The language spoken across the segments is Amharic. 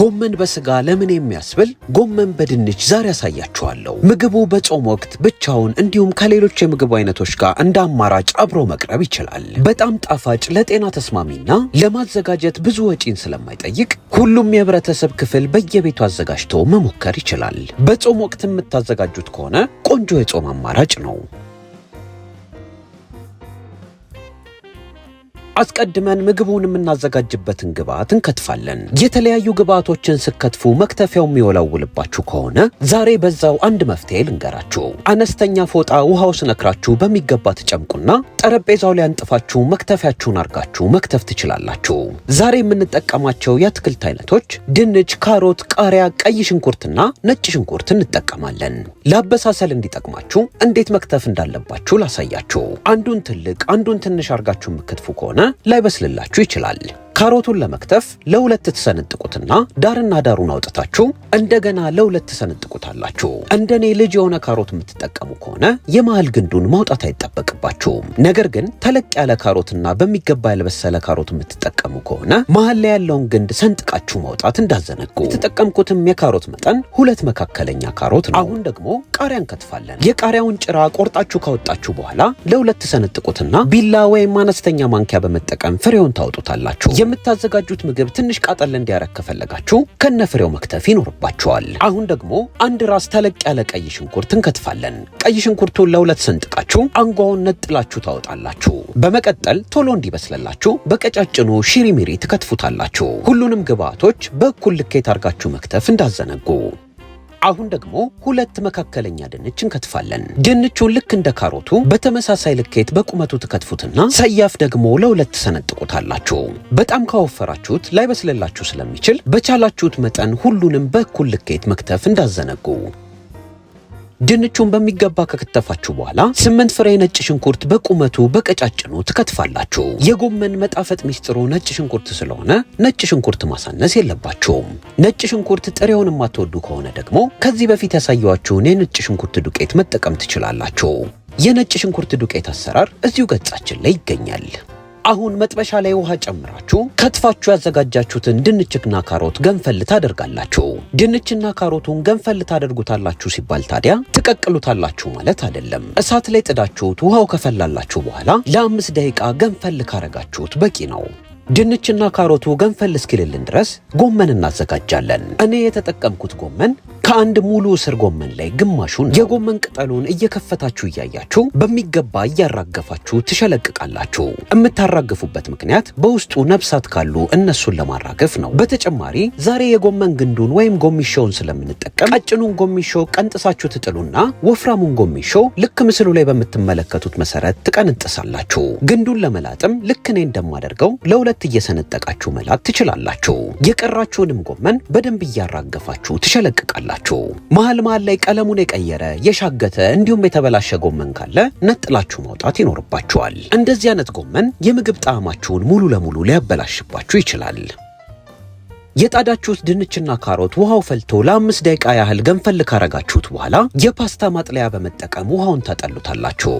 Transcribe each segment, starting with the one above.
ጎመን በስጋ ለምን የሚያስብል ጎመን በድንች ዛሬ ያሳያችኋለሁ። ምግቡ በጾም ወቅት ብቻውን እንዲሁም ከሌሎች የምግብ አይነቶች ጋር እንደ አማራጭ አብሮ መቅረብ ይችላል። በጣም ጣፋጭ፣ ለጤና ተስማሚና ለማዘጋጀት ብዙ ወጪን ስለማይጠይቅ ሁሉም የህብረተሰብ ክፍል በየቤቱ አዘጋጅቶ መሞከር ይችላል። በጾም ወቅት የምታዘጋጁት ከሆነ ቆንጆ የጾም አማራጭ ነው። አስቀድመን ምግቡን የምናዘጋጅበትን ግብዓት እንከትፋለን። የተለያዩ ግብዓቶችን ስከትፉ መክተፊያው የሚወላውልባችሁ ከሆነ ዛሬ በዛው አንድ መፍትሄ ልንገራችሁ። አነስተኛ ፎጣ ውሃው ስነክራችሁ በሚገባ ትጨምቁና ጠረጴዛው ላይ አንጥፋችሁ መክተፊያችሁን አርጋችሁ መክተፍ ትችላላችሁ። ዛሬ የምንጠቀማቸው የአትክልት አይነቶች ድንች፣ ካሮት፣ ቃሪያ፣ ቀይ ሽንኩርትና ነጭ ሽንኩርት እንጠቀማለን። ለአበሳሰል እንዲጠቅማችሁ እንዴት መክተፍ እንዳለባችሁ ላሳያችሁ። አንዱን ትልቅ አንዱን ትንሽ አርጋችሁ የምከትፉ ከሆነ ላይበስልላችሁ ይችላል። ካሮቱን ለመክተፍ ለሁለት ትሰነጥቁትና ዳርና ዳሩን አውጥታችሁ እንደገና ለሁለት ትሰነጥቁታላችሁ። እንደኔ ልጅ የሆነ ካሮት የምትጠቀሙ ከሆነ የመሃል ግንዱን ማውጣት አይጠበቅባችሁም። ነገር ግን ተለቅ ያለ ካሮትና በሚገባ ያልበሰለ ካሮት የምትጠቀሙ ከሆነ መሃል ላይ ያለውን ግንድ ሰንጥቃችሁ ማውጣት እንዳዘነጉ። የተጠቀምኩትም የካሮት መጠን ሁለት መካከለኛ ካሮት ነው። አሁን ደግሞ ቃሪያ እንከትፋለን። የቃሪያውን ጭራ ቆርጣችሁ ካወጣችሁ በኋላ ለሁለት ሰነጥቁትና ቢላ ወይም አነስተኛ ማንኪያ በመጠቀም ፍሬውን ታውጡታላችሁ። የምታዘጋጁት ምግብ ትንሽ ቃጠል እንዲያረግ ከፈለጋችሁ ከነፍሬው መክተፍ ይኖርባችኋል። አሁን ደግሞ አንድ ራስ ተለቅ ያለ ቀይ ሽንኩርት እንከትፋለን። ቀይ ሽንኩርቱን ለሁለት ሰንጥቃችሁ አንጓውን ነጥላችሁ ታወጣላችሁ። በመቀጠል ቶሎ እንዲበስለላችሁ በቀጫጭኑ ሽሪሚሪ ትከትፉታላችሁ። ሁሉንም ግብአቶች በእኩል ልኬት አርጋችሁ መክተፍ እንዳዘነጉ አሁን ደግሞ ሁለት መካከለኛ ድንች እንከትፋለን። ድንቹን ልክ እንደ ካሮቱ በተመሳሳይ ልኬት በቁመቱ ትከትፉትና ሰያፍ ደግሞ ለሁለት ሰነጥቁታላችሁ። በጣም ካወፈራችሁት ላይበስለላችሁ ስለሚችል በቻላችሁት መጠን ሁሉንም በእኩል ልኬት መክተፍ እንዳዘነጉ ድንቹን በሚገባ ከከተፋችሁ በኋላ ስምንት ፍሬ ነጭ ሽንኩርት በቁመቱ በቀጫጭኑ ትከትፋላችሁ። የጎመን መጣፈጥ ሚስጥሩ ነጭ ሽንኩርት ስለሆነ ነጭ ሽንኩርት ማሳነስ የለባችሁም። ነጭ ሽንኩርት ጥሬውን የማትወዱ ከሆነ ደግሞ ከዚህ በፊት ያሳየኋችሁን የነጭ ሽንኩርት ዱቄት መጠቀም ትችላላችሁ። የነጭ ሽንኩርት ዱቄት አሰራር እዚሁ ገጻችን ላይ ይገኛል። አሁን መጥበሻ ላይ ውሃ ጨምራችሁ ከትፋችሁ ያዘጋጃችሁትን ድንችና ካሮት ገንፈል ታደርጋላችሁ። ድንችና ካሮቱን ገንፈል ታደርጉታላችሁ ሲባል ታዲያ ትቀቅሉታላችሁ ማለት አይደለም። እሳት ላይ ጥዳችሁት ውሃው ከፈላላችሁ በኋላ ለአምስት ደቂቃ ገንፈል ካረጋችሁት በቂ ነው። ድንችና ካሮቱ ገንፈል እስኪልልን ድረስ ጎመን እናዘጋጃለን። እኔ የተጠቀምኩት ጎመን ከአንድ ሙሉ እስር ጎመን ላይ ግማሹን የጎመን ቅጠሉን እየከፈታችሁ እያያችሁ በሚገባ እያራገፋችሁ ትሸለቅቃላችሁ። የምታራግፉበት ምክንያት በውስጡ ነብሳት ካሉ እነሱን ለማራገፍ ነው። በተጨማሪ ዛሬ የጎመን ግንዱን ወይም ጎሚሾውን ስለምንጠቀም ቀጭኑን ጎሚሾ ቀንጥሳችሁ ትጥሉና ወፍራሙን ጎሚሾ ልክ ምስሉ ላይ በምትመለከቱት መሰረት ትቀንጥሳላችሁ። ግንዱን ለመላጥም ልክ እኔ እንደማደርገው ለሁለት ሁለት እየሰነጠቃችሁ መላክ ትችላላችሁ። የቀራችሁንም ጎመን በደንብ እያራገፋችሁ ትሸለቅቃላችሁ። መሀል መሀል ላይ ቀለሙን የቀየረ የሻገተ እንዲሁም የተበላሸ ጎመን ካለ ነጥላችሁ ማውጣት ይኖርባችኋል። እንደዚህ አይነት ጎመን የምግብ ጣዕማችሁን ሙሉ ለሙሉ ሊያበላሽባችሁ ይችላል። የጣዳችሁት ድንችና ካሮት ውሃው ፈልቶ ለአምስት ደቂቃ ያህል ገንፈል ካረጋችሁት በኋላ የፓስታ ማጥለያ በመጠቀም ውሃውን ታጠሉታላችሁ።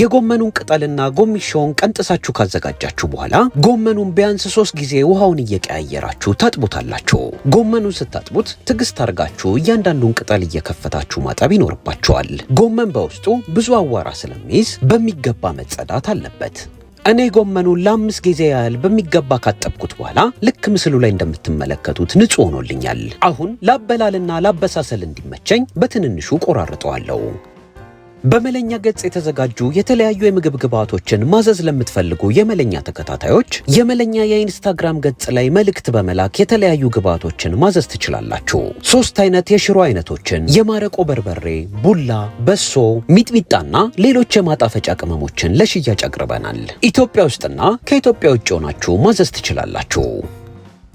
የጎመኑን ቅጠልና ጎሚሻውን ቀንጥሳችሁ ካዘጋጃችሁ በኋላ ጎመኑን ቢያንስ ሶስት ጊዜ ውሃውን እየቀያየራችሁ ታጥቡታላችሁ። ጎመኑን ስታጥቡት ትዕግስት አድርጋችሁ እያንዳንዱን ቅጠል እየከፈታችሁ ማጠብ ይኖርባችኋል። ጎመን በውስጡ ብዙ አዋራ ስለሚይዝ በሚገባ መጸዳት አለበት። እኔ ጎመኑን ለአምስት ጊዜ ያህል በሚገባ ካጠብኩት በኋላ ልክ ምስሉ ላይ እንደምትመለከቱት ንጹህ ሆኖልኛል። አሁን ላበላልና ላበሳሰል እንዲመቸኝ በትንንሹ ቆራርጠዋለሁ። በመለኛ ገጽ የተዘጋጁ የተለያዩ የምግብ ግብዓቶችን ማዘዝ ለምትፈልጉ የመለኛ ተከታታዮች የመለኛ የኢንስታግራም ገጽ ላይ መልእክት በመላክ የተለያዩ ግብዓቶችን ማዘዝ ትችላላችሁ። ሶስት አይነት የሽሮ አይነቶችን፣ የማረቆ በርበሬ፣ ቡላ፣ በሶ፣ ሚጥሚጣና ሌሎች የማጣፈጫ ቅመሞችን ለሽያጭ አቅርበናል። ኢትዮጵያ ውስጥና ከኢትዮጵያ ውጭ ሆናችሁ ማዘዝ ትችላላችሁ።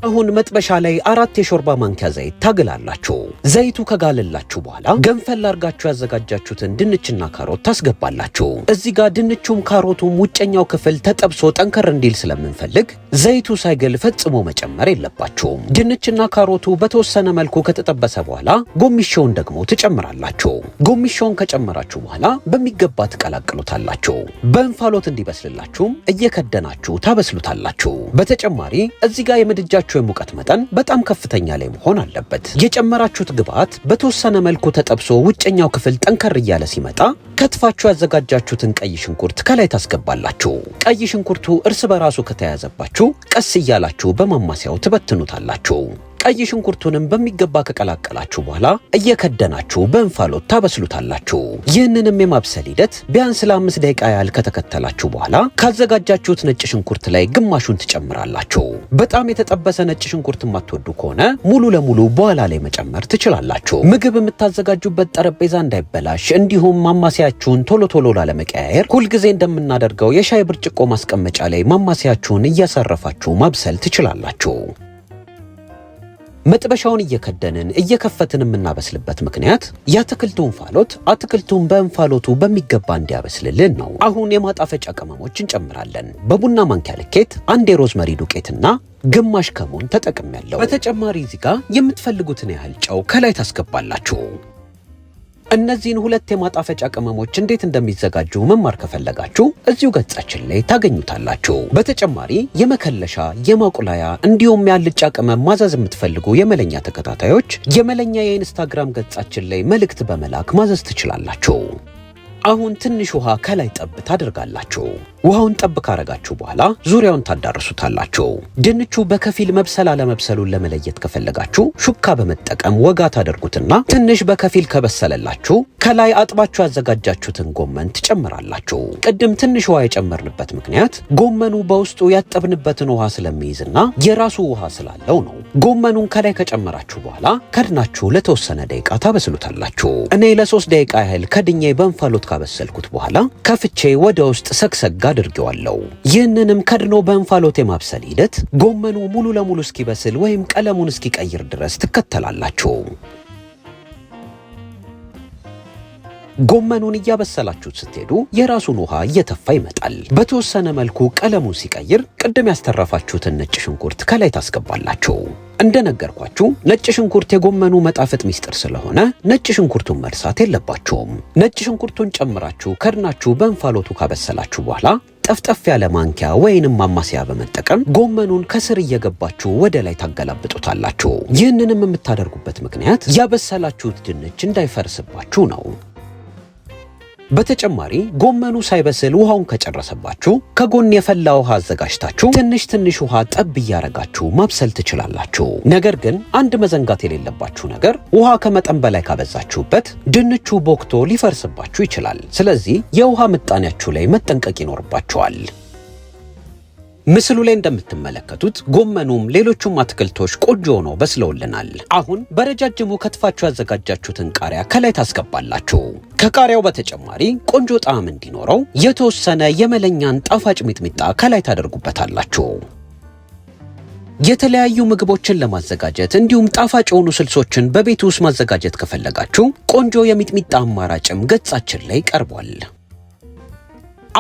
አሁን መጥበሻ ላይ አራት የሾርባ ማንኪያ ዘይት ታግላላችሁ። ዘይቱ ከጋለላችሁ በኋላ ገንፈል አድርጋችሁ ያዘጋጃችሁትን ድንችና ካሮት ታስገባላችሁ። እዚህ ጋር ድንቹም ካሮቱም ውጨኛው ክፍል ተጠብሶ ጠንከር እንዲል ስለምንፈልግ ዘይቱ ሳይግል ፈጽሞ መጨመር የለባችሁም። ድንችና ካሮቱ በተወሰነ መልኩ ከተጠበሰ በኋላ ጎሚሾውን ደግሞ ትጨምራላችሁ። ጎሚሾውን ከጨመራችሁ በኋላ በሚገባ ትቀላቅሉታላችሁ። በእንፋሎት እንዲበስልላችሁም እየከደናችሁ ታበስሉታላችሁ። በተጨማሪ እዚህ ጋር የምድጃ ያላቸው የሙቀት መጠን በጣም ከፍተኛ ላይ መሆን አለበት። የጨመራችሁት ግብዓት በተወሰነ መልኩ ተጠብሶ ውጨኛው ክፍል ጠንከር እያለ ሲመጣ ከትፋችሁ ያዘጋጃችሁትን ቀይ ሽንኩርት ከላይ ታስገባላችሁ። ቀይ ሽንኩርቱ እርስ በራሱ ከተያያዘባችሁ ቀስ እያላችሁ በማማሰያው ትበትኑታላችሁ። ቀይ ሽንኩርቱንም በሚገባ ከቀላቀላችሁ በኋላ እየከደናችሁ በእንፋሎት ታበስሉታላችሁ። ይህንንም የማብሰል ሂደት ቢያንስ ለአምስት ደቂቃ ያህል ከተከተላችሁ በኋላ ካዘጋጃችሁት ነጭ ሽንኩርት ላይ ግማሹን ትጨምራላችሁ። በጣም የተጠበሰ ነጭ ሽንኩርት የማትወዱ ከሆነ ሙሉ ለሙሉ በኋላ ላይ መጨመር ትችላላችሁ። ምግብ የምታዘጋጁበት ጠረጴዛ እንዳይበላሽ እንዲሁም ማማሰያችሁን ቶሎ ቶሎ ላለመቀያየር ሁልጊዜ እንደምናደርገው የሻይ ብርጭቆ ማስቀመጫ ላይ ማማሰያችሁን እያሳረፋችሁ ማብሰል ትችላላችሁ። መጥበሻውን እየከደንን እየከፈትን የምናበስልበት ምክንያት የአትክልቱ እንፋሎት አትክልቱን በእንፋሎቱ በሚገባ እንዲያበስልልን ነው። አሁን የማጣፈጫ ቅመሞች እንጨምራለን። በቡና ማንኪያ ልኬት አንድ የሮዝመሪ ዱቄትና ግማሽ ከሙን ተጠቅሜያለሁ። በተጨማሪ እዚህ ጋር የምትፈልጉትን ያህል ጨው ከላይ ታስገባላችሁ። እነዚህን ሁለት የማጣፈጫ ቅመሞች እንዴት እንደሚዘጋጁ መማር ከፈለጋችሁ እዚሁ ገጻችን ላይ ታገኙታላችሁ። በተጨማሪ የመከለሻ፣ የማቁላያ እንዲሁም የአልጫ ቅመም ማዘዝ የምትፈልጉ የመለኛ ተከታታዮች የመለኛ የኢንስታግራም ገጻችን ላይ መልእክት በመላክ ማዘዝ ትችላላችሁ። አሁን ትንሽ ውሃ ከላይ ጠብ ታደርጋላችሁ። ውሃውን ጠብ ካረጋችሁ በኋላ ዙሪያውን ታዳርሱታላችሁ። ድንቹ በከፊል መብሰል አለመብሰሉን ለመለየት ከፈለጋችሁ ሹካ በመጠቀም ወጋ ታደርጉትና ትንሽ በከፊል ከበሰለላችሁ ከላይ አጥባችሁ ያዘጋጃችሁትን ጎመን ትጨምራላችሁ። ቅድም ትንሽ ውሃ የጨመርንበት ምክንያት ጎመኑ በውስጡ ያጠብንበትን ውሃ ስለሚይዝና የራሱ ውሃ ስላለው ነው። ጎመኑን ከላይ ከጨመራችሁ በኋላ ከድናችሁ ለተወሰነ ደቂቃ ታበስሉታላችሁ። እኔ ለሶስት ደቂቃ ያህል ከድኜ በእንፋሎት ካበሰልኩት በኋላ ከፍቼ ወደ ውስጥ ሰግሰግ አድርጌዋለሁ። ይህንንም ከድኖ በእንፋሎት የማብሰል ሂደት ጎመኑ ሙሉ ለሙሉ እስኪበስል ወይም ቀለሙን እስኪቀይር ድረስ ትከተላላችሁ። ጎመኑን እያበሰላችሁት ስትሄዱ የራሱን ውሃ እየተፋ ይመጣል። በተወሰነ መልኩ ቀለሙን ሲቀይር ቅድም ያስተረፋችሁትን ነጭ ሽንኩርት ከላይ ታስገባላችሁ። እንደነገርኳችሁ ነጭ ሽንኩርት የጎመኑ መጣፈጥ ሚስጥር ስለሆነ ነጭ ሽንኩርቱን መርሳት የለባችሁም። ነጭ ሽንኩርቱን ጨምራችሁ ከድናችሁ በእንፋሎቱ ካበሰላችሁ በኋላ ጠፍጠፍ ያለ ማንኪያ ወይንም ማማሰያ በመጠቀም ጎመኑን ከስር እየገባችሁ ወደ ላይ ታገላብጡታላችሁ። ይህንንም የምታደርጉበት ምክንያት ያበሰላችሁት ድንች እንዳይፈርስባችሁ ነው። በተጨማሪ ጎመኑ ሳይበስል ውሃውን ከጨረሰባችሁ ከጎን የፈላ ውሃ አዘጋጅታችሁ ትንሽ ትንሽ ውሃ ጠብ እያረጋችሁ ማብሰል ትችላላችሁ። ነገር ግን አንድ መዘንጋት የሌለባችሁ ነገር ውሃ ከመጠን በላይ ካበዛችሁበት ድንቹ ቦክቶ ሊፈርስባችሁ ይችላል። ስለዚህ የውሃ ምጣኔያችሁ ላይ መጠንቀቅ ይኖርባችኋል። ምስሉ ላይ እንደምትመለከቱት ጎመኑም ሌሎቹም አትክልቶች ቆንጆ ሆኖ በስለውልናል። አሁን በረጃጅሙ ከትፋችሁ ያዘጋጃችሁትን ቃሪያ ከላይ ታስገባላችሁ። ከቃሪያው በተጨማሪ ቆንጆ ጣዕም እንዲኖረው የተወሰነ የመለኛን ጣፋጭ ሚጥሚጣ ከላይ ታደርጉበታላችሁ። የተለያዩ ምግቦችን ለማዘጋጀት እንዲሁም ጣፋጭ የሆኑ ስልሶችን በቤት ውስጥ ማዘጋጀት ከፈለጋችሁ ቆንጆ የሚጥሚጣ አማራጭም ገጻችን ላይ ቀርቧል።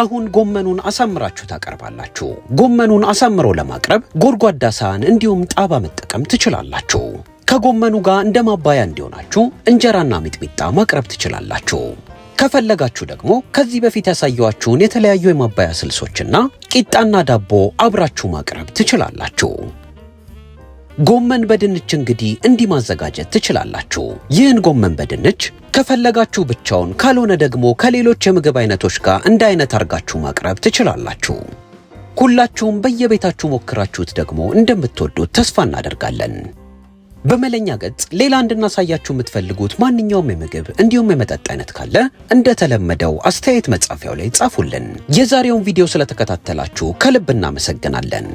አሁን ጎመኑን አሳምራችሁ ታቀርባላችሁ። ጎመኑን አሳምሮ ለማቅረብ ጎድጓዳ ሳህን እንዲሁም ጣባ መጠቀም ትችላላችሁ። ከጎመኑ ጋር እንደ ማባያ እንዲሆናችሁ እንጀራና ሚጥሚጣ ማቅረብ ትችላላችሁ። ከፈለጋችሁ ደግሞ ከዚህ በፊት ያሳየኋችሁን የተለያዩ የማባያ ስልሶችና ቂጣና ዳቦ አብራችሁ ማቅረብ ትችላላችሁ። ጎመን በድንች እንግዲህ እንዲህ ማዘጋጀት ትችላላችሁ። ይህን ጎመን በድንች ከፈለጋችሁ ብቻውን፣ ካልሆነ ደግሞ ከሌሎች የምግብ አይነቶች ጋር እንደ አይነት አድርጋችሁ ማቅረብ ትችላላችሁ። ሁላችሁም በየቤታችሁ ሞክራችሁት ደግሞ እንደምትወዱት ተስፋ እናደርጋለን። በመለኛ ገጽ ሌላ እንድናሳያችሁ የምትፈልጉት ማንኛውም የምግብ እንዲሁም የመጠጥ አይነት ካለ እንደተለመደው አስተያየት መጻፊያው ላይ ጻፉልን። የዛሬውን ቪዲዮ ስለተከታተላችሁ ከልብ እናመሰግናለን።